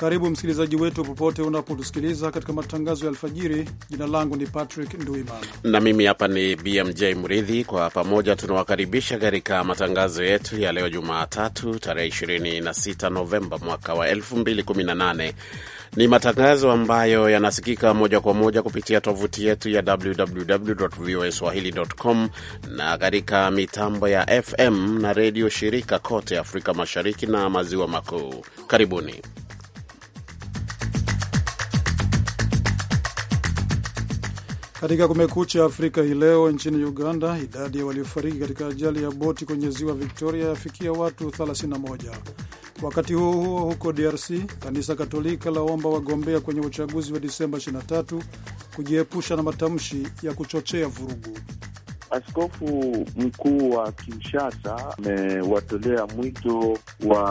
Karibu msikilizaji wetu popote unapotusikiliza katika matangazo ya alfajiri. Jina langu ni Patrick Nduimana na mimi hapa ni BMJ Mridhi. Kwa pamoja tunawakaribisha katika matangazo yetu ya leo Jumatatu, tarehe 26 Novemba mwaka wa 2018. Ni matangazo ambayo yanasikika moja kwa moja kupitia tovuti yetu ya www voa swahili.com na katika mitambo ya FM na redio shirika kote Afrika Mashariki na Maziwa Makuu. Karibuni. Katika Kumekucha Afrika hii leo, nchini Uganda, idadi ya waliofariki katika ajali ya boti kwenye ziwa Victoria yafikia watu 31. Wakati huo huo, huko DRC, kanisa Katolika laomba wagombea kwenye uchaguzi wa Disemba 23 kujiepusha na matamshi ya kuchochea vurugu. Askofu mkuu wa Kinshasa amewatolea mwito wa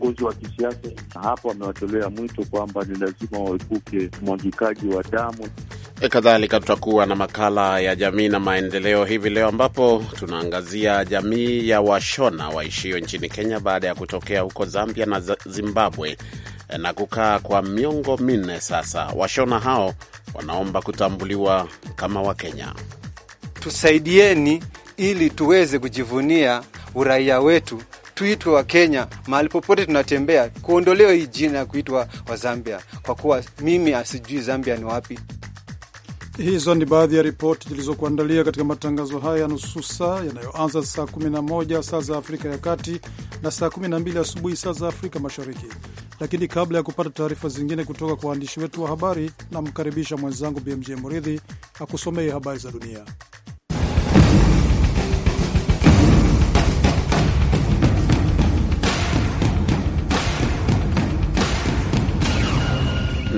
uongozi wa kisiasa hapo, amewatolea mwito kwamba ni lazima waepuke mwagikaji wa damu. E, kadhalika tutakuwa na makala ya jamii na maendeleo hivi leo, ambapo tunaangazia jamii ya Washona waishio nchini Kenya baada ya kutokea huko Zambia na Zimbabwe e, na kukaa kwa miongo minne sasa. Washona hao wanaomba kutambuliwa kama Wakenya. Tusaidieni ili tuweze kujivunia uraia wetu, tuitwe Wakenya mahali popote tunatembea, kuondolewa hii jina ya kuitwa Wazambia, kwa kuwa mimi asijui Zambia ni wapi. Hizo ni baadhi ya ripoti zilizokuandalia katika matangazo haya ya nusu saa yanayoanza saa 11 saa za Afrika ya Kati na saa 12 asubuhi saa za Afrika Mashariki. Lakini kabla ya kupata taarifa zingine kutoka kwa waandishi wetu wa habari, namkaribisha mwenzangu BMJ Muridhi akusomee habari za dunia.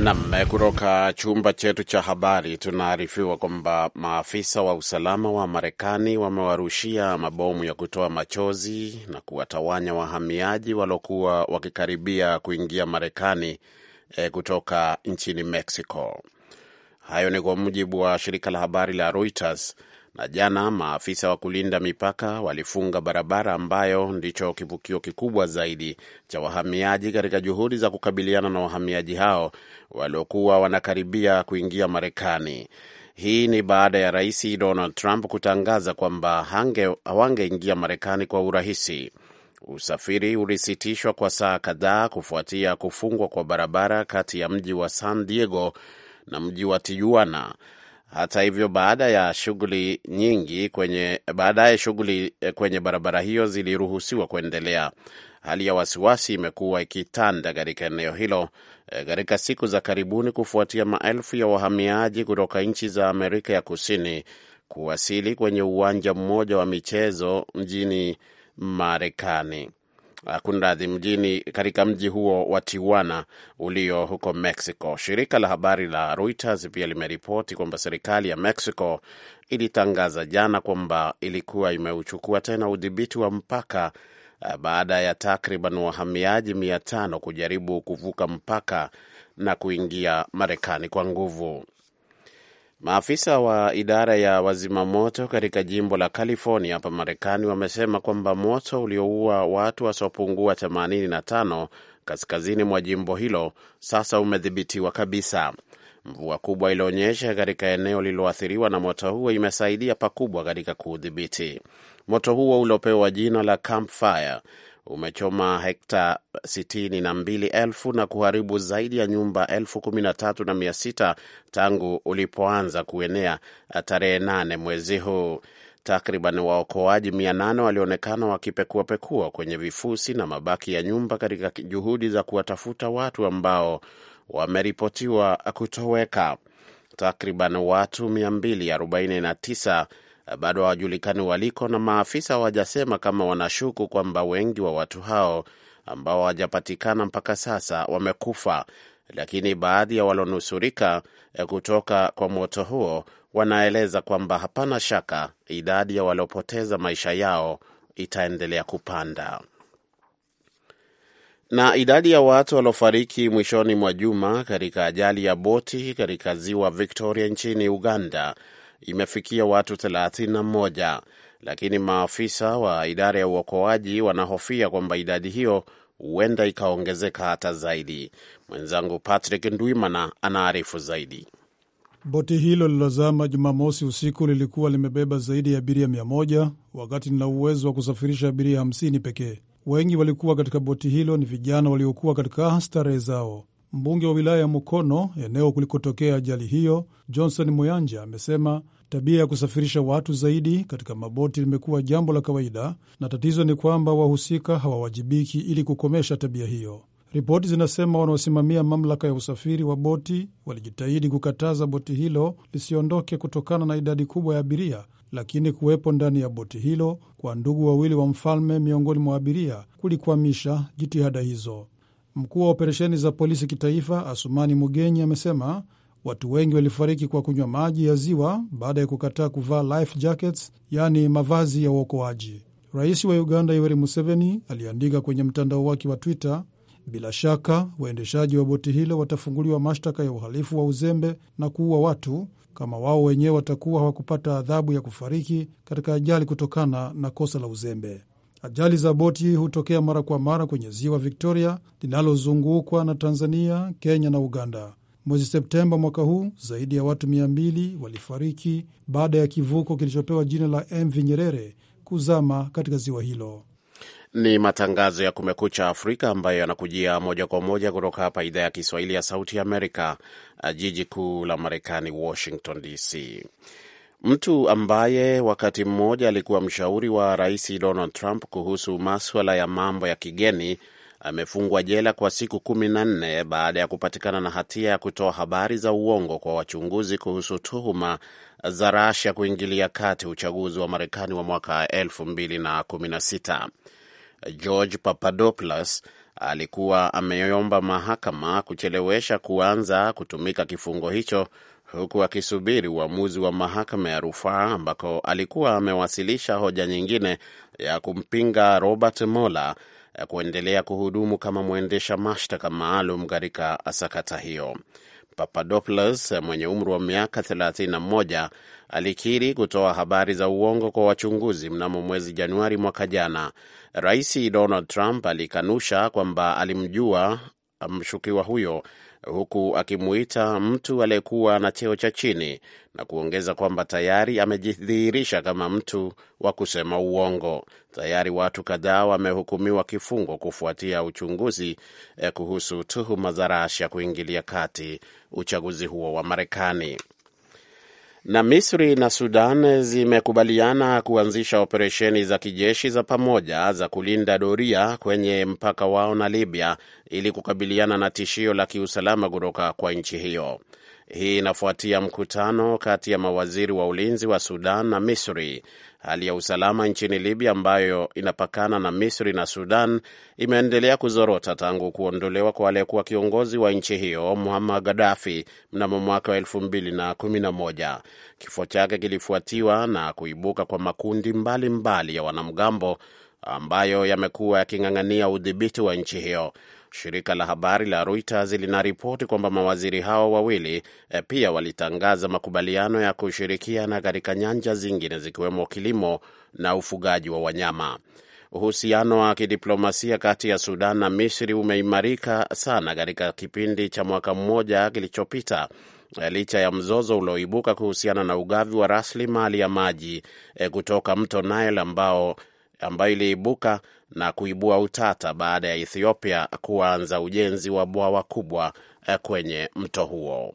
Nam, eh, kutoka chumba chetu cha habari tunaarifiwa kwamba maafisa wa usalama wa Marekani wamewarushia mabomu ya kutoa machozi na kuwatawanya wahamiaji waliokuwa wakikaribia kuingia Marekani e, kutoka nchini Mexico. Hayo ni kwa mujibu wa shirika la habari la Reuters na jana maafisa wa kulinda mipaka walifunga barabara ambayo ndicho kivukio kikubwa zaidi cha wahamiaji katika juhudi za kukabiliana na wahamiaji hao waliokuwa wanakaribia kuingia Marekani. Hii ni baada ya Rais Donald Trump kutangaza kwamba hawangeingia Marekani kwa urahisi. Usafiri ulisitishwa kwa saa kadhaa kufuatia kufungwa kwa barabara kati ya mji wa San Diego na mji wa Tijuana. Hata hivyo, baada ya shughuli nyingi kwenye baadaye shughuli eh, kwenye barabara hiyo ziliruhusiwa kuendelea. Hali ya wasiwasi imekuwa ikitanda katika eneo hilo eh, katika siku za karibuni kufuatia maelfu ya wahamiaji kutoka nchi za Amerika ya Kusini kuwasili kwenye uwanja mmoja wa michezo mjini Marekani kunradhi, mjini katika mji huo wa Tijuana ulio huko Mexico. Shirika la habari la Reuters pia limeripoti kwamba serikali ya Mexico ilitangaza jana kwamba ilikuwa imeuchukua tena udhibiti wa mpaka eh, baada ya takriban wahamiaji mia tano kujaribu kuvuka mpaka na kuingia Marekani kwa nguvu. Maafisa wa idara ya wazimamoto katika jimbo la California hapa Marekani wamesema kwamba moto ulioua watu wasiopungua 85 kaskazini mwa jimbo hilo sasa umedhibitiwa kabisa. Mvua kubwa ilionyesha katika eneo lililoathiriwa na moto huo imesaidia pakubwa katika kuudhibiti moto huo uliopewa jina la Camp Fire umechoma hekta sitini na mbili elfu na kuharibu zaidi ya nyumba elfu kumi na tatu na mia sita tangu ulipoanza kuenea tarehe nane mwezi huu. Takriban waokoaji mia nane walionekana wakipekuapekua kwenye vifusi na mabaki ya nyumba katika juhudi za kuwatafuta watu ambao wameripotiwa kutoweka. Takriban watu 249 bado hawajulikani waliko, na maafisa hawajasema kama wanashuku kwamba wengi wa watu hao ambao hawajapatikana mpaka sasa wamekufa, lakini baadhi ya walionusurika eh, kutoka kwa moto huo wanaeleza kwamba hapana shaka idadi ya waliopoteza maisha yao itaendelea kupanda. Na idadi ya watu waliofariki mwishoni mwa juma katika ajali ya boti katika ziwa Victoria nchini Uganda imefikia watu 31 lakini maafisa wa idara ya uokoaji wanahofia kwamba idadi hiyo huenda ikaongezeka hata zaidi. Mwenzangu Patrick Ndwimana anaarifu zaidi. Boti hilo lilozama Jumamosi usiku lilikuwa limebeba zaidi ya abiria 1 wakati lina uwezo wa kusafirisha abiria 50 pekee. Wengi walikuwa katika boti hilo ni vijana waliokuwa katika starehe zao. Mbunge wa wilaya ya Mukono, eneo kulikotokea ajali hiyo, Johnson Muyanja amesema Tabia ya kusafirisha watu zaidi katika maboti limekuwa jambo la kawaida, na tatizo ni kwamba wahusika hawawajibiki ili kukomesha tabia hiyo. Ripoti zinasema wanaosimamia mamlaka ya usafiri wa boti walijitahidi kukataza boti hilo lisiondoke kutokana na idadi kubwa ya abiria, lakini kuwepo ndani ya boti hilo kwa ndugu wawili wa mfalme miongoni mwa abiria kulikwamisha jitihada hizo. Mkuu wa operesheni za polisi kitaifa Asumani Mugenyi amesema Watu wengi walifariki kwa kunywa maji ya ziwa baada ya kukataa kuvaa life jackets, yaani mavazi ya uokoaji. Rais wa Uganda Yoweri Museveni aliandika kwenye mtandao wake wa Twitter, bila shaka waendeshaji wa boti hilo watafunguliwa mashtaka ya uhalifu wa uzembe na kuua watu kama wao wenyewe watakuwa hawakupata adhabu ya kufariki katika ajali kutokana na kosa la uzembe. Ajali za boti hutokea mara kwa mara kwenye ziwa Victoria linalozungukwa na Tanzania, Kenya na Uganda. Mwezi Septemba mwaka huu zaidi ya watu 200 walifariki baada ya kivuko kilichopewa jina la MV Nyerere kuzama katika ziwa hilo. Ni matangazo ya Kumekucha Afrika ambayo yanakujia moja kwa moja kutoka hapa idhaa ya Kiswahili ya Sauti ya Amerika, jiji kuu la Marekani, Washington DC. Mtu ambaye wakati mmoja alikuwa mshauri wa Rais Donald Trump kuhusu maswala ya mambo ya kigeni amefungwa jela kwa siku kumi na nne baada ya kupatikana na hatia ya kutoa habari za uongo kwa wachunguzi kuhusu tuhuma za rasha kuingilia kati uchaguzi wa Marekani wa mwaka elfu mbili na kumi na sita. George Papadopoulos alikuwa ameomba mahakama kuchelewesha kuanza kutumika kifungo hicho huku akisubiri uamuzi wa mahakama ya rufaa ambako alikuwa amewasilisha hoja nyingine ya kumpinga Robert Mueller Eh, kuendelea kuhudumu kama mwendesha mashtaka maalum katika sakata hiyo. Papadopoulos eh, mwenye umri wa miaka 31 alikiri kutoa habari za uongo kwa wachunguzi mnamo mwezi Januari mwaka jana. Rais Donald Trump alikanusha kwamba alimjua eh, mshukiwa huyo huku akimuita mtu aliyekuwa na cheo cha chini na kuongeza kwamba tayari amejidhihirisha kama mtu wa kusema uongo. Tayari watu kadhaa wamehukumiwa kifungo kufuatia uchunguzi eh, kuhusu tuhuma za Russia kuingilia kati uchaguzi huo wa Marekani. Na Misri na Sudan zimekubaliana kuanzisha operesheni za kijeshi za pamoja za kulinda doria kwenye mpaka wao na Libya ili kukabiliana na tishio la kiusalama kutoka kwa nchi hiyo. Hii inafuatia mkutano kati ya mawaziri wa ulinzi wa Sudan na Misri Hali ya usalama nchini Libya ambayo inapakana na Misri na Sudan imeendelea kuzorota tangu kuondolewa kwa aliyekuwa kiongozi wa nchi hiyo Muammar Gaddafi mnamo mwaka wa elfu mbili na kumi na moja. Kifo chake kilifuatiwa na kuibuka kwa makundi mbalimbali mbali ya wanamgambo ambayo yamekuwa yaking'ang'ania udhibiti wa nchi hiyo. Shirika la habari la Reuters linaripoti kwamba mawaziri hao wawili eh, pia walitangaza makubaliano ya kushirikiana katika nyanja zingine zikiwemo kilimo na ufugaji wa wanyama. Uhusiano wa kidiplomasia kati ya Sudan na Misri umeimarika sana katika kipindi cha mwaka mmoja kilichopita eh, licha ya mzozo ulioibuka kuhusiana na ugavi wa rasilimali ya maji eh, kutoka mto Nile ambao ambayo iliibuka na kuibua utata baada ya Ethiopia kuanza ujenzi wa bwawa kubwa eh, kwenye mto huo.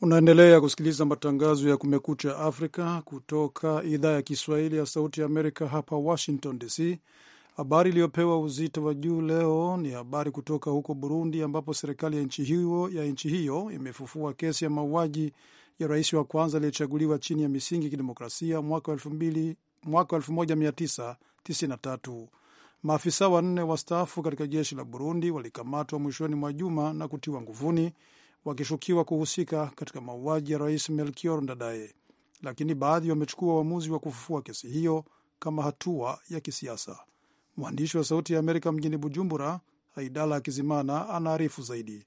Unaendelea kusikiliza matangazo ya Kumekucha Afrika kutoka idhaa ya Kiswahili ya Sauti ya Amerika, hapa Washington DC. Habari iliyopewa uzito wa juu leo ni habari kutoka huko Burundi, ambapo serikali ya nchi hiyo ya nchi hiyo imefufua kesi ya mauaji ya rais wa kwanza aliyechaguliwa chini ya misingi ya kidemokrasia mwaka 1993. Maafisa wanne wastaafu katika jeshi la Burundi walikamatwa mwishoni mwa juma na kutiwa nguvuni wakishukiwa kuhusika katika mauaji ya rais Melchior Ndadaye, lakini baadhi wamechukua uamuzi wa kufufua kesi hiyo kama hatua ya kisiasa. Mwandishi wa Sauti ya Amerika mjini Bujumbura, Haidala Kizimana anaarifu zaidi.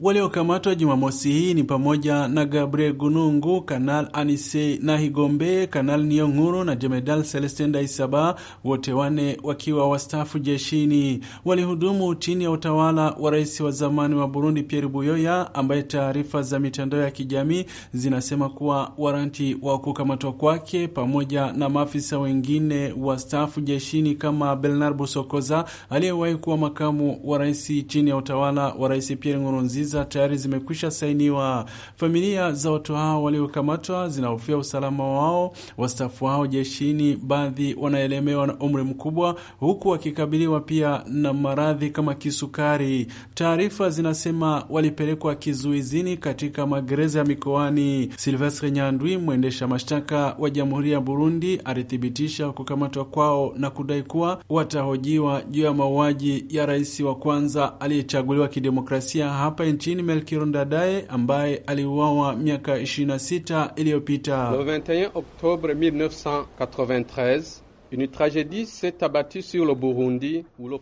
Waliokamatwa Jumamosi hii ni pamoja na Gabriel Gunungu, Kanal Anise Nahigombe, Kanal Niyonguru na Jemedal Celestin Daisaba, wote wane wakiwa wastaafu jeshini. Walihudumu chini ya utawala wa rais wa zamani wa Burundi Pierre Buyoya, ambaye taarifa za mitandao ya kijamii zinasema kuwa waranti wa kukamatwa kwake pamoja na maafisa wengine wastaafu jeshini kama Bernard Busokoza aliyewahi kuwa makamu wa rais chini ya utawala wa rais Pierre Nkurunziza visa tayari zimekwisha sainiwa. Familia za watu hao waliokamatwa zinahofia usalama wao, wastaafu hao jeshini, baadhi wanaelemewa na umri mkubwa, huku wakikabiliwa pia na maradhi kama kisukari. Taarifa zinasema walipelekwa kizuizini katika magereza ya mikoani. Silvestre Nyandwi, mwendesha mashtaka wa Jamhuri ya Burundi, alithibitisha kukamatwa kwao na kudai kuwa watahojiwa juu ya mauaji ya rais wa kwanza aliyechaguliwa kidemokrasia hapa nchini Melkiro Ndadaye ambaye aliuawa miaka 26 iliyopita. 21 1993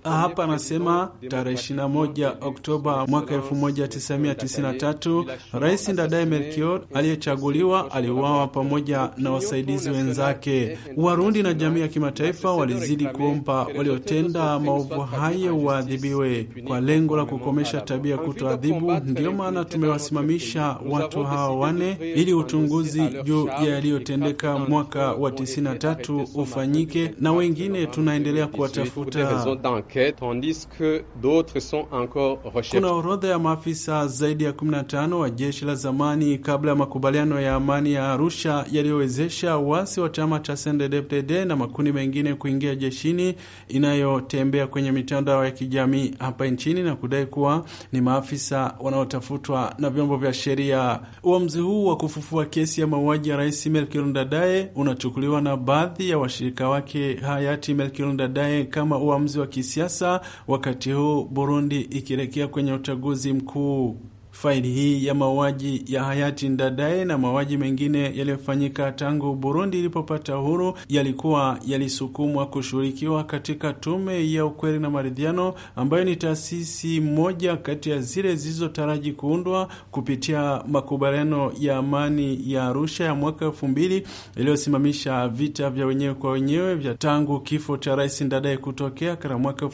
hapa anasema tarehe 21 Oktoba mwaka 1993 Rais Ndadaye Melkior aliyechaguliwa aliuawa pamoja na wasaidizi wenzake. Warundi na jamii ya kimataifa walizidi kuomba waliotenda maovu hayo waadhibiwe kwa lengo la kukomesha tabia kutoadhibu. Ndiyo maana tumewasimamisha watu hawa wane ili uchunguzi juu ya yaliyotendeka mwaka wa 93 ufanyike yake na wengine tunaendelea kuwatafuta. Kuna orodha ya maafisa zaidi ya 15 wa jeshi la zamani kabla ya makubaliano ya amani ya Arusha yaliyowezesha wasi wa chama cha CNDD-FDD na makundi mengine kuingia jeshini, inayotembea kwenye mitandao ya kijamii hapa nchini na kudai kuwa ni maafisa wanaotafutwa na vyombo vya sheria. Uamuzi huu wa kufufua kesi ya mauaji ya Rais Melchior unachukuliwa na baadhi ya washirika wake wake hayati Melchior Ndadaye kama uamuzi wa kisiasa, wakati huu Burundi ikielekea kwenye uchaguzi mkuu faili hii ya mauaji ya hayati Ndadaye na mauaji mengine yaliyofanyika tangu Burundi ilipopata uhuru yalikuwa yalisukumwa kushughulikiwa katika Tume ya Ukweli na Maridhiano, ambayo ni taasisi moja kati ya zile zilizotaraji kuundwa kupitia makubaliano ya amani ya Arusha ya mwaka elfu mbili iliyosimamisha vita vya wenyewe kwa wenyewe vya tangu kifo cha Rais Ndadaye kutokea katika mwaka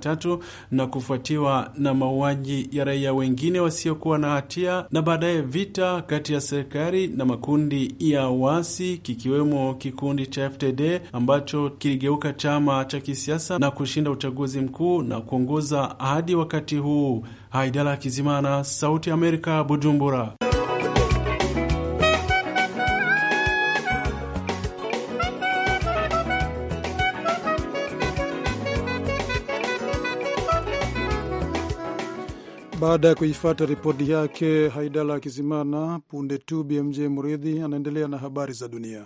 tatu na kufuatiwa na mauaji ya raia wengi wengine wasiokuwa na hatia na baadaye vita kati ya serikali na makundi ya wasi kikiwemo kikundi cha FTD ambacho kiligeuka chama cha kisiasa na kushinda uchaguzi mkuu na kuongoza hadi wakati huu. Haidala Kizimana, Sauti ya Amerika, Bujumbura. Baada ya kuifata ripoti yake Haidala Kizimana, punde tu BMJ Muridhi anaendelea na habari za dunia.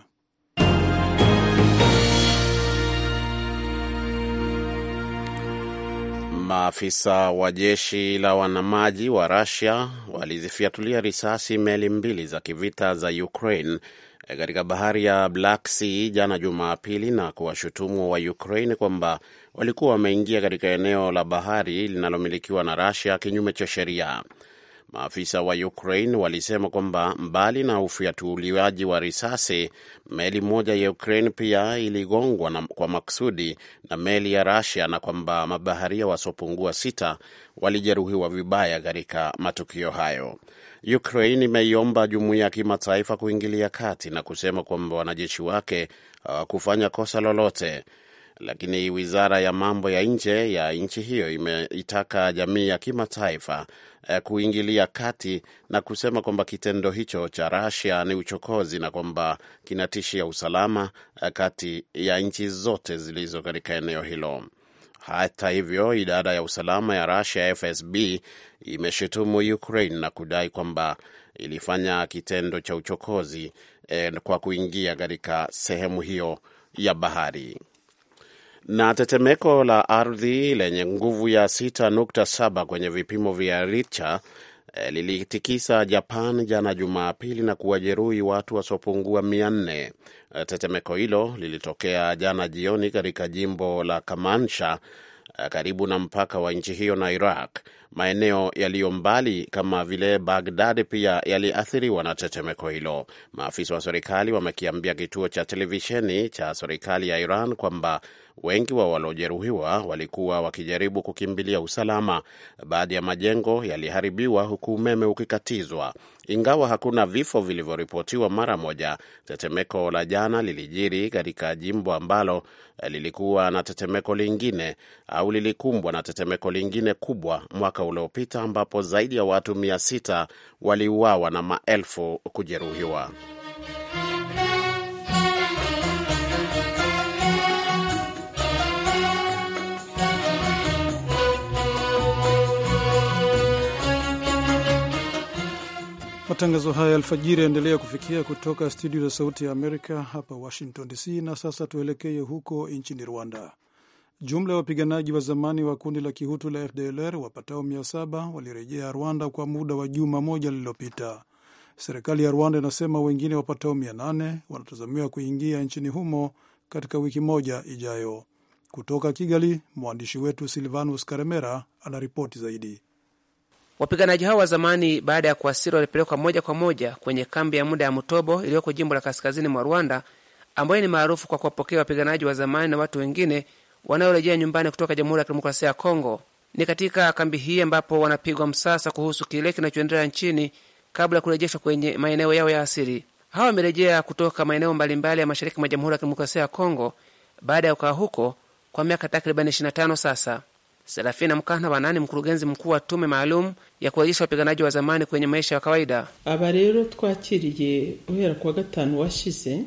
Maafisa wa jeshi la wanamaji wa rasia walizifiatulia risasi meli mbili za kivita za Ukraine E, katika bahari ya Black Sea jana Jumapili na kuwashutumu wa Ukraine kwamba walikuwa wameingia katika eneo la bahari linalomilikiwa na Russia kinyume cha sheria. Maafisa wa Ukraine walisema kwamba mbali na ufyatuliwaji wa risasi, meli moja ya Ukraine pia iligongwa na kwa maksudi na meli ya Russia na kwamba mabaharia wasiopungua sita walijeruhiwa vibaya katika matukio hayo. Ukraine imeiomba jumuiya ya kimataifa kuingilia kati na kusema kwamba wanajeshi wake hawakufanya kosa lolote, lakini wizara ya mambo ya nje ya nchi hiyo imeitaka jamii ya kimataifa eh, kuingilia kati na kusema kwamba kitendo hicho cha Russia ni uchokozi na kwamba kinatishia usalama eh, kati ya nchi zote zilizo katika eneo hilo. Hata hivyo, idara ya usalama ya Russia FSB imeshutumu Ukraine na kudai kwamba ilifanya kitendo cha uchokozi eh, kwa kuingia katika sehemu hiyo ya bahari. Na tetemeko la ardhi lenye nguvu ya 6.7 kwenye vipimo vya Richter Eh, lilitikisa Japan jana Jumapili na kuwajeruhi watu wasiopungua mia nne. Eh, tetemeko hilo lilitokea jana jioni katika jimbo la Kamansha eh, karibu na mpaka wa nchi hiyo na Iraq. Maeneo yaliyo mbali kama vile Bagdad pia yaliathiriwa na tetemeko hilo. Maafisa wa serikali wamekiambia kituo cha televisheni cha serikali ya Iran kwamba Wengi wa waliojeruhiwa walikuwa wakijaribu kukimbilia usalama. Baadhi ya majengo yaliharibiwa huku umeme ukikatizwa. Ingawa hakuna vifo vilivyoripotiwa mara moja, tetemeko la jana lilijiri katika jimbo ambalo eh, lilikuwa na tetemeko lingine au lilikumbwa na tetemeko lingine kubwa mwaka uliopita, ambapo zaidi ya watu mia sita waliuawa na maelfu kujeruhiwa. Matangazo haya alfajiri yaendelea kufikia kutoka studio za Sauti ya Amerika hapa Washington DC. Na sasa tuelekee huko nchini Rwanda. Jumla ya wapiganaji wa zamani wa kundi la kihutu la FDLR wapatao mia saba walirejea Rwanda kwa muda wa juma moja lililopita. Serikali ya Rwanda inasema wengine wapatao mia nane wanatazamiwa kuingia nchini humo katika wiki moja ijayo. Kutoka Kigali, mwandishi wetu Silvanus Karemera anaripoti zaidi. Wapiganaji hao wa zamani, baada ya kuasiri, walipelekwa moja kwa moja kwenye kambi ya muda ya Mutobo iliyoko jimbo la kaskazini mwa Rwanda, ambayo ni maarufu kwa kuwapokea wapiganaji wa zamani na watu wengine wanaorejea nyumbani kutoka Jamhuri ya Kidemokrasia ya Kongo. Ni katika kambi hii ambapo wanapigwa msasa kuhusu kile kinachoendelea nchini kabla ya kurejeshwa kwenye maeneo yao ya asili. Hawa wamerejea kutoka maeneo mbalimbali ya mashariki mwa Jamhuri ya Kidemokrasia ya Kongo baada ya kukaa huko kwa miaka takribani 25 sasa. Serafina Mkana Banani, mkurugenzi mkuu wa tume maalum ya kurejesha wapiganaji wa zamani kwenye maisha ya kawaida. aba rero twakiriye uhera kuwa gatanu washize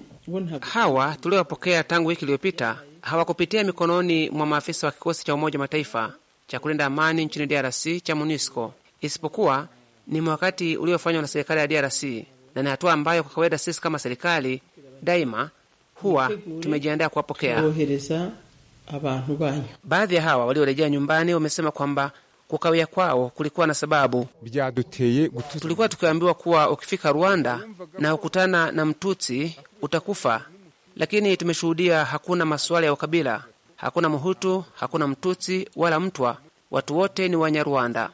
hawa tuliowapokea tangu wiki iliyopita hawakupitia mikononi mwa maafisa wa kikosi cha Umoja Mataifa cha kulinda amani nchini DRC cha MONUSCO, isipokuwa ni wakati uliofanywa na serikali ya DRC, na ni hatua ambayo kwa kawaida sisi kama serikali daima huwa tumejiandaa kuwapokea abantu banyu. Baadhi ya hawa waliorejea nyumbani wamesema kwamba kukawia kwao kulikuwa na sababu. Tulikuwa tukiambiwa kuwa ukifika Rwanda na ukutana na Mtutsi utakufa, lakini tumeshuhudia hakuna masuala ya ukabila, hakuna muhutu hakuna Mtutsi wala Mtwa, watu wote ni Wanyarwanda.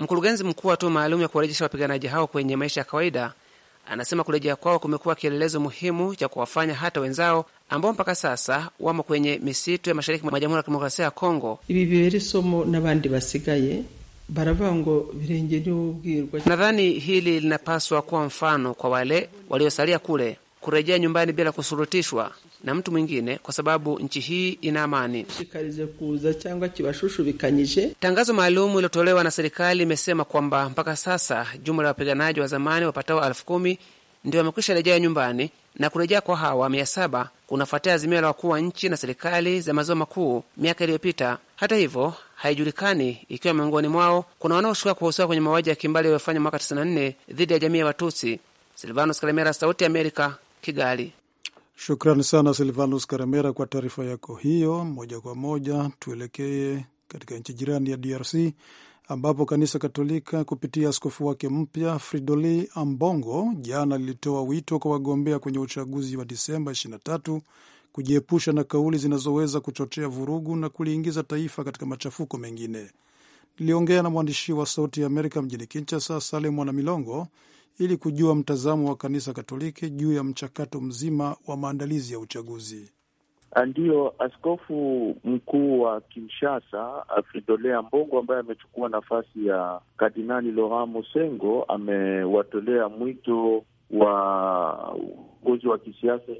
Mkurugenzi mkuu wa tume maalum ya kuwarejesha wapiganaji hao kwenye maisha ya kawaida Anasema kurejea kwao kumekuwa kielelezo muhimu cha kuwafanya hata wenzao ambao mpaka sasa wamo kwenye misitu ya mashariki mwa Jamhuri ya Kidemokrasia ya Kongo. Ibi bibera isomo n'abandi basigaye baravuga ngo birenge niwo ubwirwa. Nadhani hili linapaswa kuwa mfano kwa wale waliosalia kule kurejea nyumbani bila kusurutishwa na mtu mwingine kwa sababu nchi hii ina amani. Tangazo maalum iliyotolewa na serikali imesema kwamba mpaka sasa jumla ya wapiganaji wa zamani wapatao elfu kumi ndio wamekwisha rejea nyumbani, na kurejea kwa hawa mia saba kunafuatia azimio la wakuu wa nchi na serikali za maziwa makuu miaka iliyopita. Hata hivyo, haijulikani ikiwa miongoni mwao kuna wanaoshukiwa kuhusika kwenye mauaji ya kimbali yaliyofanywa mwaka 94 dhidi ya jamii ya Watusi. Silvanos Kalemera, Sauti ya Amerika, Kigali. Shukrani sana Silvanus Karemera kwa taarifa yako hiyo. Moja kwa moja tuelekee katika nchi jirani ya DRC ambapo kanisa Katolika kupitia askofu wake mpya fridoli Ambongo jana lilitoa wito kwa wagombea kwenye uchaguzi wa Disemba 23 kujiepusha na kauli zinazoweza kuchochea vurugu na kuliingiza taifa katika machafuko mengine. Niliongea na mwandishi wa Sauti ya Amerika mjini Kinshasa, Salem Milongo, ili kujua mtazamo wa kanisa Katoliki juu ya mchakato mzima wa maandalizi ya uchaguzi. Ah, Ndiyo, askofu mkuu wa Kinshasa Fridolea mbongo ambaye amechukua nafasi ya Kardinali Laurent Mosengo amewatolea mwito wa uongozi wa kisiasa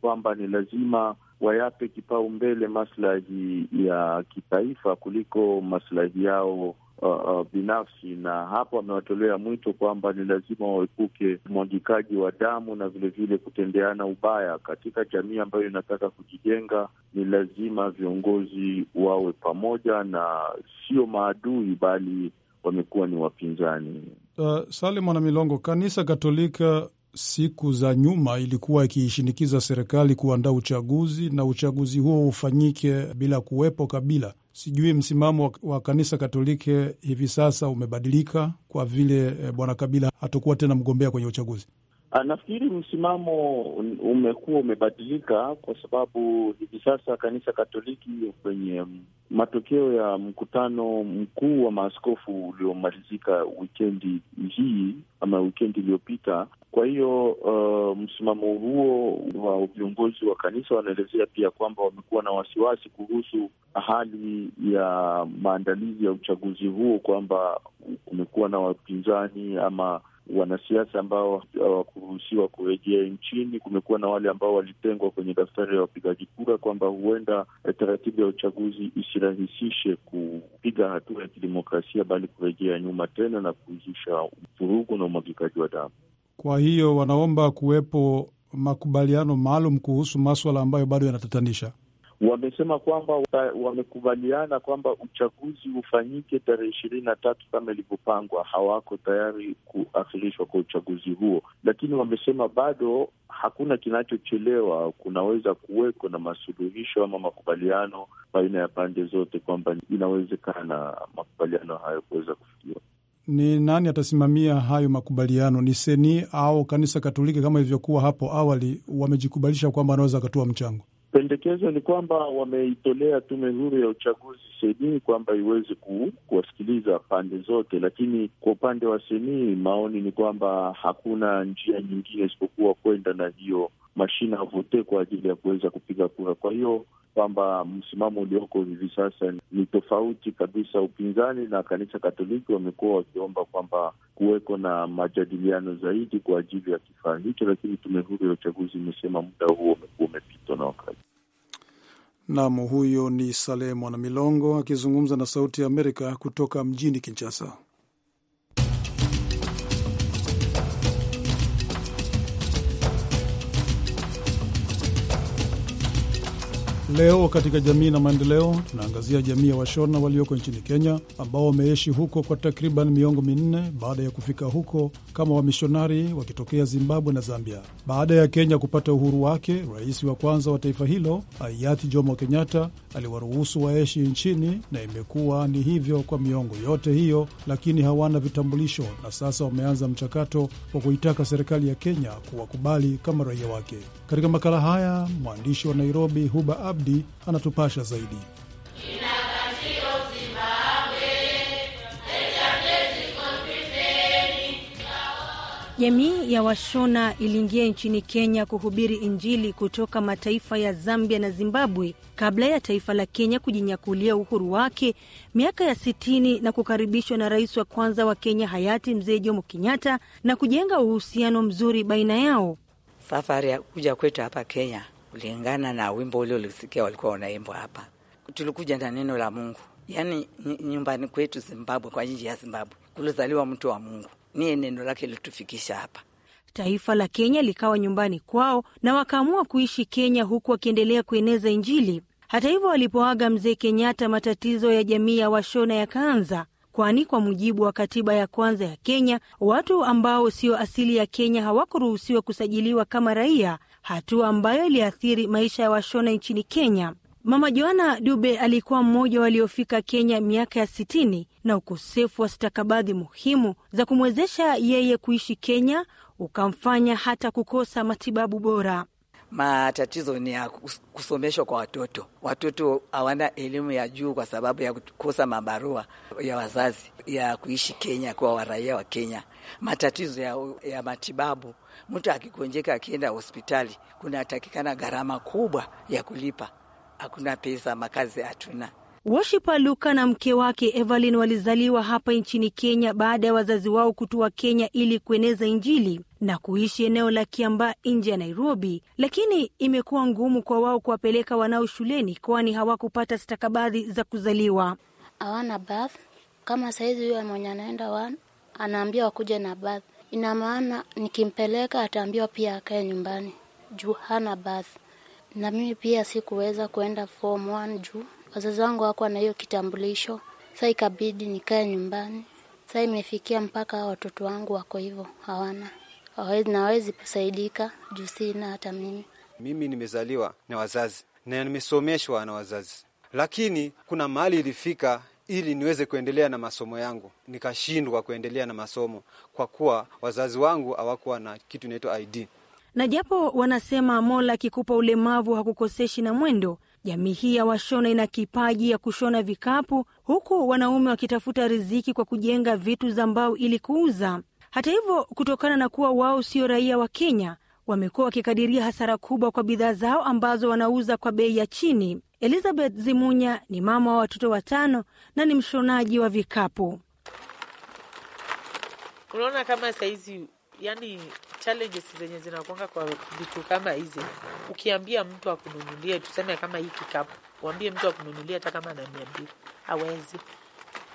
kwamba ni lazima wayape kipaumbele maslahi ya kitaifa kuliko maslahi yao uh, uh, binafsi, na hapo amewatolea mwito kwamba ni lazima waepuke mwagikaji wa damu na vilevile vile kutendeana ubaya katika jamii ambayo inataka kujijenga. Ni lazima viongozi wawe pamoja na sio maadui, bali wamekuwa ni wapinzani. Uh, Salim Mwana Milongo, kanisa Katolika siku za nyuma ilikuwa ikiishinikiza serikali kuandaa uchaguzi na uchaguzi huo ufanyike bila kuwepo kabila. Sijui msimamo wa kanisa Katoliki hivi sasa umebadilika kwa vile eh, bwana Kabila hatakuwa tena mgombea kwenye uchaguzi. Ah, nafikiri msimamo umekuwa umebadilika kwa sababu hivi sasa kanisa Katoliki kwenye matokeo ya mkutano mkuu wa maaskofu uliomalizika wikendi hii ama wikendi iliyopita. Kwa hiyo uh, msimamo huo wa viongozi wa kanisa wanaelezea pia kwamba wamekuwa na wasiwasi kuhusu hali ya maandalizi ya uchaguzi huo, kwamba kumekuwa na wapinzani ama wanasiasa ambao hawakuruhusiwa kurejea nchini. Kumekuwa na wale ambao walitengwa kwenye daftari ya wapigaji kura, kwamba huenda eh, taratibu ya uchaguzi isirahisishe kupiga hatua ya kidemokrasia, bali kurejea nyuma tena na kuhuzisha vurugu na umwagikaji wa damu. Kwa hiyo wanaomba kuwepo makubaliano maalum kuhusu maswala ambayo bado yanatatanisha wamesema kwamba wamekubaliana kwamba uchaguzi ufanyike tarehe ishirini na tatu kama ilivyopangwa. Hawako tayari kuahirishwa kwa uchaguzi huo, lakini wamesema bado hakuna kinachochelewa, kunaweza kuweko na masuluhisho ama makubaliano baina ya pande zote, kwamba inawezekana makubaliano hayo kuweza kufikiwa. Ni nani atasimamia hayo makubaliano? Ni seni au kanisa Katoliki kama ilivyokuwa hapo awali? Wamejikubalisha kwamba wanaweza wakatoa mchango Pendekezo ni kwamba wameitolea tume huru ya uchaguzi senii kwamba iweze kuwasikiliza pande zote, lakini kwa upande wa senii maoni ni kwamba hakuna njia nyingine isipokuwa kwenda na hiyo mashina avote kwa ajili ya kuweza kupiga kura. Kwa hiyo kwamba msimamo ulioko hivi sasa ni tofauti kabisa. Upinzani na kanisa Katoliki wamekuwa wakiomba kwamba kuweko na majadiliano zaidi kwa ajili ya kifaa hicho, lakini tume huru ya uchaguzi imesema muda huo umekuwa umepitwa na wakati. Nam huyo ni Saleh Mwanamilongo akizungumza na Sauti ya Amerika kutoka mjini Kinshasa. Leo katika jamii na maendeleo tunaangazia jamii ya Washona walioko nchini Kenya ambao wameishi huko kwa takriban miongo minne baada ya kufika huko kama wamishonari wakitokea Zimbabwe na Zambia. Baada ya Kenya kupata uhuru wake, rais wa kwanza wa taifa hilo hayati Jomo Kenyatta aliwaruhusu waishi nchini, na imekuwa ni hivyo kwa miongo yote hiyo, lakini hawana vitambulisho, na sasa wameanza mchakato wa kuitaka serikali ya Kenya kuwakubali kama raia wake. Katika makala haya mwandishi wa Nairobi Huba Abdi anatupasha zaidi. Jamii ya Washona iliingia nchini Kenya kuhubiri Injili kutoka mataifa ya Zambia na Zimbabwe kabla ya taifa la Kenya kujinyakulia uhuru wake miaka ya sitini na kukaribishwa na rais wa kwanza wa Kenya hayati Mzee Jomo Kenyatta na kujenga uhusiano mzuri baina yao. Safari ya kuja kwetu hapa Kenya kulingana na wimbo ule ulisikia walikuwa wanaimbwa hapa, tulikuja na neno la Mungu, yaani nyumbani kwetu Zimbabwe, kwa jiji ya Zimbabwe kulizaliwa mtu wa Mungu ni neno lake litufikisha hapa. Taifa la Kenya likawa nyumbani kwao na wakaamua kuishi Kenya, huku wakiendelea kueneza Injili. Hata hivyo, walipoaga mzee Kenyatta, matatizo ya jamii ya Washona yakaanza, kwani kwa mujibu wa katiba ya kwanza ya Kenya, watu ambao sio asili ya Kenya hawakuruhusiwa kusajiliwa kama raia, hatua ambayo iliathiri maisha ya Washona nchini Kenya. Mama Joana Dube alikuwa mmoja waliofika Kenya miaka ya sitini na ukosefu wa stakabadhi muhimu za kumwezesha yeye kuishi Kenya ukamfanya hata kukosa matibabu bora. Matatizo ni ya kusomeshwa kwa watoto. Watoto hawana elimu ya juu kwa sababu ya kukosa mabarua ya wazazi ya kuishi Kenya, kuwa waraia wa Kenya. Matatizo ya, ya matibabu, mtu akigonjeka akienda hospitali kunatakikana gharama kubwa ya kulipa hakuna pesa, makazi hatuna. Washipa Luka na mke wake Evelyn walizaliwa hapa nchini Kenya baada ya wazazi wao kutua Kenya ili kueneza Injili na kuishi eneo la Kiambaa nje ya Nairobi, lakini imekuwa ngumu kwa wao kuwapeleka wanao shuleni, kwani hawakupata stakabadhi za kuzaliwa. Hawana bath kama sahizi, huyo mwenye anaenda wan anaambia wakuja na bath. Ina maana nikimpeleka ataambiwa pia akae nyumbani juu hana bath na mimi pia sikuweza kuenda form 1 juu wazazi wangu wako na hiyo kitambulisho. Sasa ikabidi nikae nyumbani. Sasa imefikia mpaka watoto wangu wako hivyo, hawana hawezi, na hawezi kusaidika juu sina hata mimi. Mimi nimezaliwa na wazazi na nimesomeshwa na wazazi, lakini kuna mahali ilifika ili niweze kuendelea na masomo yangu, nikashindwa kuendelea na masomo kwa kuwa wazazi wangu hawakuwa na kitu inaitwa ID. Na japo wanasema Mola akikupa ulemavu hakukoseshi na mwendo, jamii hii ya Washona ina kipaji ya kushona vikapu, huku wanaume wakitafuta riziki kwa kujenga vitu za mbao ili kuuza. Hata hivyo, kutokana na kuwa wao sio raia wa Kenya, wamekuwa wakikadiria hasara kubwa kwa bidhaa zao ambazo wanauza kwa bei ya chini. Elizabeth Zimunya ni mama wa watoto watano na ni mshonaji wa vikapu. Unaona kama saizi yani challenges zenye zinakuanga kwa vitu kama hizi, ukiambia mtu akununulie, tuseme kama hii kikapu, uambie mtu akununulie hata kama na mia mbili hawezi.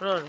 Unaona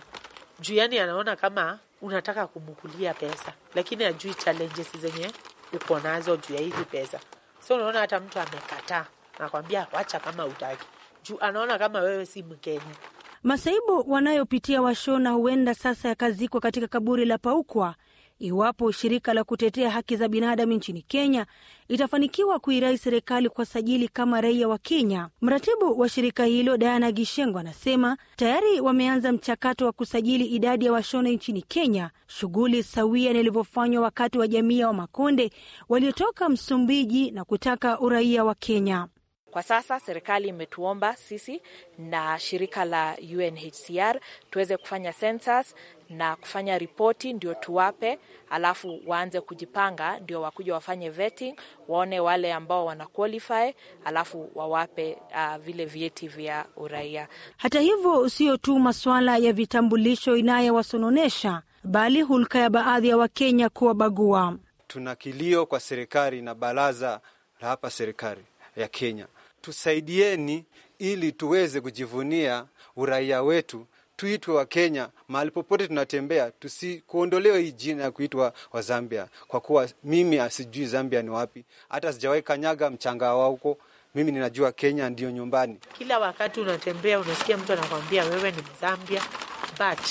juu, yani anaona kama unataka kumukulia pesa, lakini ajui challenges zenye uko nazo juu ya hizi pesa. So unaona hata mtu amekataa, nakwambia wacha kama utaki, juu anaona kama wewe si Mkenya. Masaibu wanayopitia Washona huenda sasa yakazikwa katika kaburi la paukwa iwapo shirika la kutetea haki za binadamu nchini Kenya itafanikiwa kuirai serikali kwa sajili kama raia wa Kenya. Mratibu wa shirika hilo Diana Gishengo anasema tayari wameanza mchakato wa kusajili idadi ya Washona nchini Kenya, shughuli sawia nilivyofanywa ilivyofanywa wakati wa jamii ya Wamakonde waliotoka Msumbiji na kutaka uraia wa Kenya. Kwa sasa serikali imetuomba sisi na shirika la UNHCR tuweze kufanya census na kufanya ripoti ndio tuwape, alafu waanze kujipanga, ndio wakuja wafanye vetting, waone wale ambao wana qualify, alafu wawape uh, vile vyeti vya uraia. Hata hivyo, sio tu masuala ya vitambulisho inayowasononesha, bali hulka ya baadhi ya Wakenya kuwabagua. Tuna kilio kwa serikali na baraza la hapa serikali ya Kenya tusaidieni ili tuweze kujivunia uraia wetu, tuitwe wa Kenya mahali popote tunatembea, tusikuondolewe hii jina ya kuitwa wa Zambia, kwa kuwa mimi asijui ah, Zambia ni wapi, hata sijawahi kanyaga mchanga wa huko. Mimi ninajua Kenya ndiyo nyumbani. Kila wakati unatembea, unasikia mtu anakwambia wewe ni Mzambia, but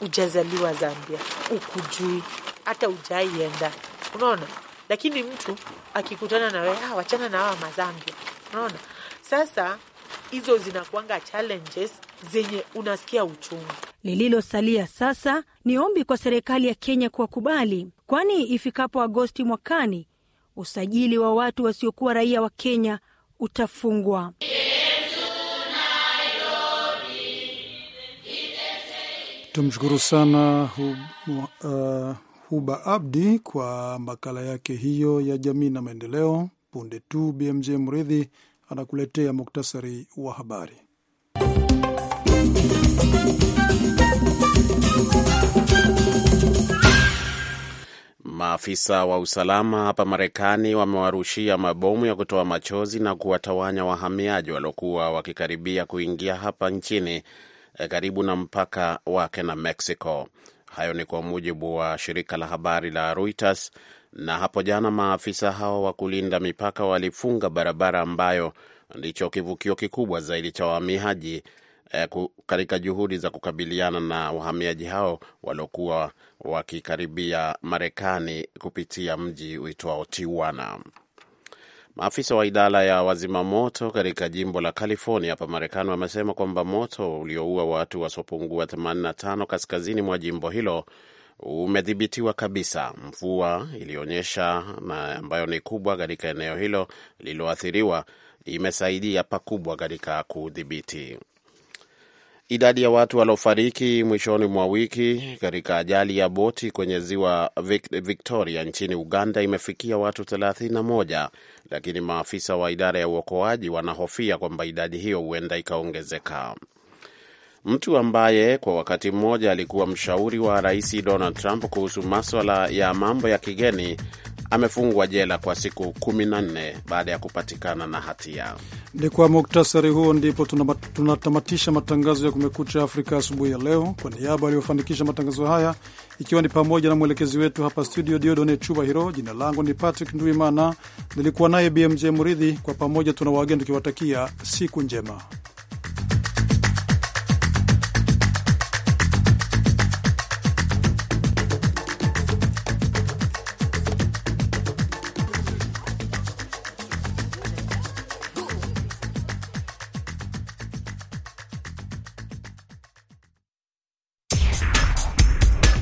ujazaliwa Zambia, ukujui hata ujaienda, unaona. Lakini mtu akikutana na wewe, ah, wachana na hawa Mazambia, unaona. Sasa hizo zinakuanga challenges zenye unasikia uchungu. Lililosalia sasa ni ombi kwa serikali ya Kenya kuwakubali, kwani ifikapo Agosti mwakani usajili wa watu wasiokuwa raia wa Kenya utafungwa. Tumshukuru sana hub, uh, Huba Abdi kwa makala yake hiyo ya jamii na maendeleo. Punde tu BMJ Mridhi anakuletea muktasari wa habari. Maafisa wa usalama hapa Marekani wamewarushia mabomu ya kutoa machozi na kuwatawanya wahamiaji waliokuwa wakikaribia kuingia hapa nchini eh, karibu na mpaka wake na Mexico. Hayo ni kwa mujibu wa shirika la habari la Reuters na hapo jana maafisa hao wa kulinda mipaka walifunga barabara ambayo ndicho kivukio kikubwa zaidi cha wahamiaji eh, katika juhudi za kukabiliana na wahamiaji hao waliokuwa wakikaribia Marekani kupitia mji uitwao Tijuana. Maafisa wa idara ya wazimamoto katika jimbo la California hapa Marekani wamesema kwamba moto ulioua watu wasiopungua 85 kaskazini mwa jimbo hilo umedhibitiwa kabisa. Mvua iliyoonyesha na ambayo ni kubwa katika eneo hilo lililoathiriwa imesaidia pakubwa katika kudhibiti idadi ya watu waliofariki mwishoni mwa wiki katika ajali ya boti kwenye ziwa Victoria nchini Uganda imefikia watu 31, lakini maafisa wa idara ya uokoaji wanahofia kwamba idadi hiyo huenda ikaongezeka mtu ambaye kwa wakati mmoja alikuwa mshauri wa rais Donald Trump kuhusu maswala ya mambo ya kigeni amefungwa jela kwa siku kumi na nne baada ya kupatikana na hatia. Ni kwa muktasari huo ndipo tunatamatisha matangazo ya Kumekucha Afrika asubuhi ya leo. Kwa niaba aliyofanikisha matangazo haya, ikiwa ni pamoja na mwelekezi wetu hapa studio Diodone Chuba Hiro, jina langu ni Patrick Nduimana, nilikuwa naye BMJ Muridhi. Kwa pamoja tuna wageni tukiwatakia siku njema.